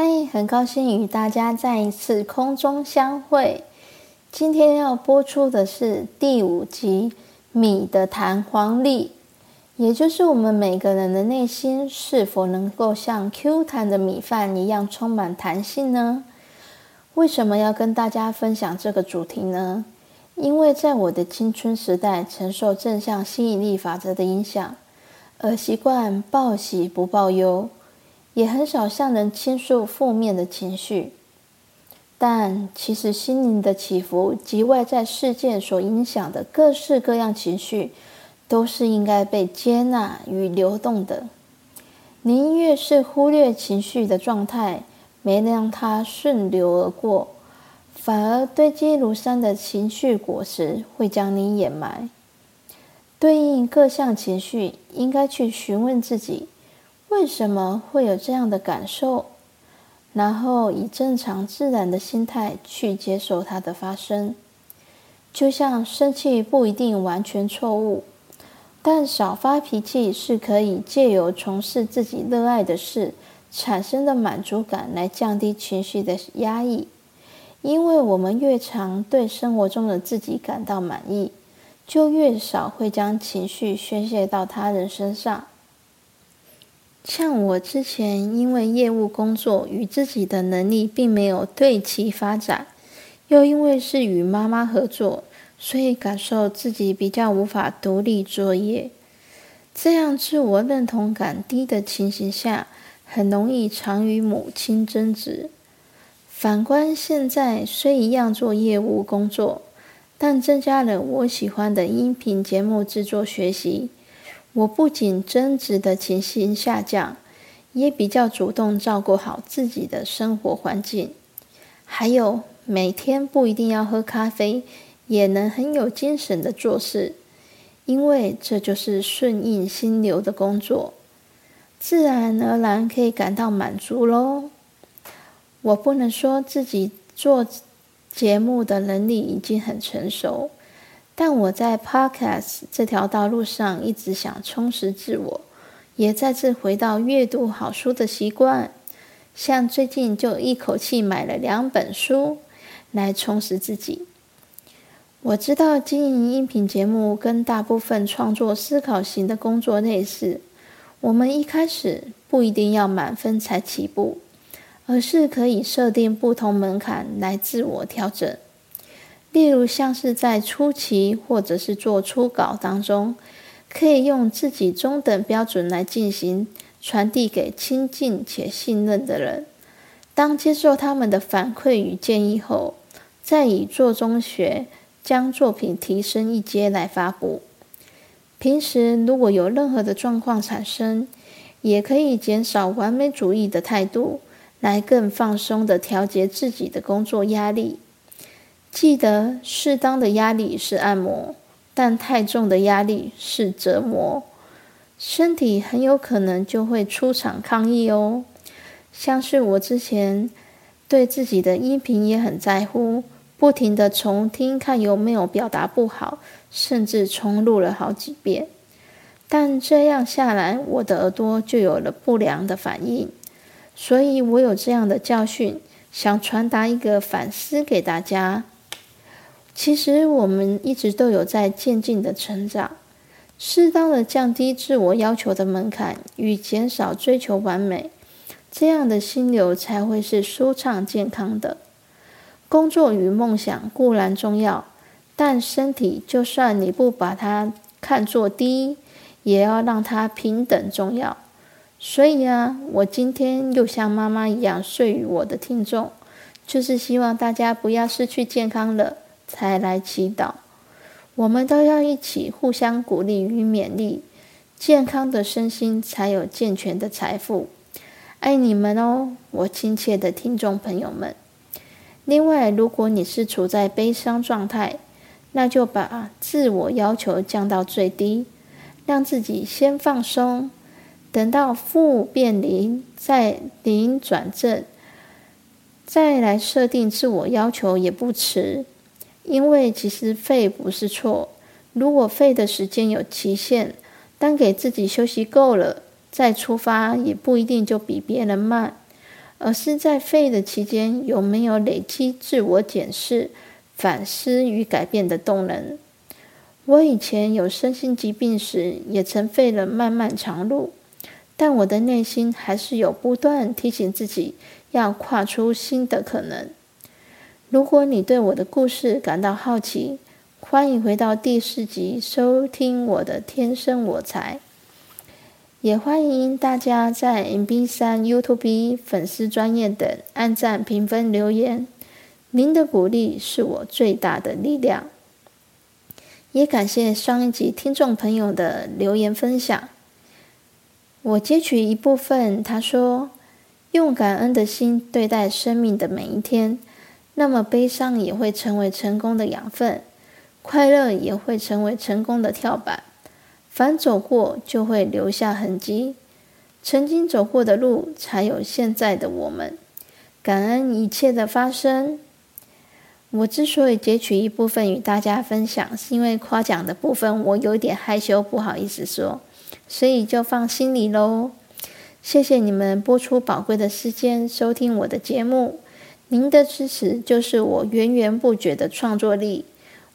嗨，Hi, 很高興與大家再一次空中相會。今天要播出的是第五集《米的彈簧力》，也就是我們每個人的內心是否能夠像 Q 彈的米飯一樣充滿彈性呢？為什麼要跟大家分享這個主題呢？因為在我的青春時代，承受正向吸引力法則的影響，而習慣報喜不報憂。也很少向人傾訴負面的情緒，但其實心靈的起伏及外在事件所影響的各式各樣情緒，都是應該被接納與流動的。您越是忽略情緒的狀態，沒讓它順流而過，反而堆積如山的情緒果實會將你掩埋。對應各項情緒，應該去詢問自己。為什麼會有這樣的感受？然後以正常自然的心態去接受它的發生，就像生氣不一定完全錯誤，但少發脾氣是可以借由從事自己熱愛的事產生的滿足感來降低情緒的壓抑。因為我們越常對生活中的自己感到滿意，就越少會將情緒宣洩到他人身上。像我之前因為業務工作與自己的能力並沒有對齊發展，又因為是與媽媽合作，所以感受自己比較無法獨立作業。這樣自我認同感低的情形下，很容易常與母親爭執。反觀現在雖一樣做業務工作，但增加了我喜歡的音頻節目製作學習。我不僅爭執的情形下降，也比較主動照顧好自己的生活環境，還有每天不一定要喝咖啡，也能很有精神的做事，因為這就是順應心流的工作，自然而然可以感到滿足嘍。我不能說自己做節目的能力已經很成熟。但我在 Podcast 這條道路上一直想充實自我，也再次回到閱讀好書的習慣，像最近就一口氣買了兩本書來充實自己。我知道經營音頻節目跟大部分創作思考型的工作類似，我們一開始不一定要滿分才起步，而是可以設定不同門檻來自我調整。例如，像是在初期或者是做初稿當中，可以用自己中等標準來進行傳遞給親近且信任的人。當接受他們的反饋與建議後，再以做中學將作品提升一階來發布。平時如果有任何的狀況產生，也可以減少完美主義的態度，來更放鬆地調節自己的工作壓力。記得適當的壓力是按摩，但太重的壓力是折磨，身體很有可能就會出場抗議哦。像是我之前對自己的音頻也很在乎，不停地重聽看有沒有表達不好，甚至重錄了好幾遍。但這樣下來，我的耳朵就有了不良的反應，所以我有這樣的教訓，想傳達一個反思給大家。其實我們一直都有在漸進的成長，適當的降低自我要求的門檻與減少追求完美，這樣的心流才會是舒暢健康的。工作與夢想固然重要，但身體就算你不把它看作第一，也要讓它平等重要。所以啊，我今天又像媽媽一樣睡於我的聽眾，就是希望大家不要失去健康了，才來祈禱，我們都要一起互相鼓勵與勉勵，健康的身心才有健全的財富。愛你們哦，我親切的聽眾朋友們。另外，如果你是處在悲傷狀態，那就把自我要求降到最低，讓自己先放鬆，等到負變零，再零轉正，再來設定自我要求也不遲。因為其實廢不是錯，如果廢的時間有期限，當給自己休息夠了，再出發也不一定就比別人慢，而是在廢的期間有沒有累積自我檢視、反思與改變的動能。我以前有身心疾病時，也曾廢了漫漫長路，但我的內心還是有不斷提醒自己要跨出新的可能。如果你對我的故事感到好奇，歡迎回到第四集收聽我的《天生我才》。也歡迎大家在 MB 三 YouTube 粉絲專頁等按讚、評分、留言。您的鼓勵是我最大的力量。也感謝上一集聽眾朋友的留言分享，我截取一部分。他說：“用感恩的心對待生命的每一天。”那麼，悲傷也會成為成功的養分，快樂也會成為成功的跳板。凡走過，就會留下痕跡。曾經走過的路，才有現在的我們。感恩一切的發生。我之所以截取一部分與大家分享，是因為誇獎的部分我有點害羞，不好意思說，所以就放心裡嘍。謝謝你們撥出寶貴的時間，收聽我的節目。您的支持就是我源源不絕的創作力，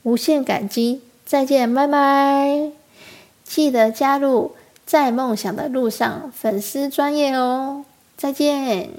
無限感激。再見，拜拜！記得加入在夢想的路上粉絲專頁哦。再見。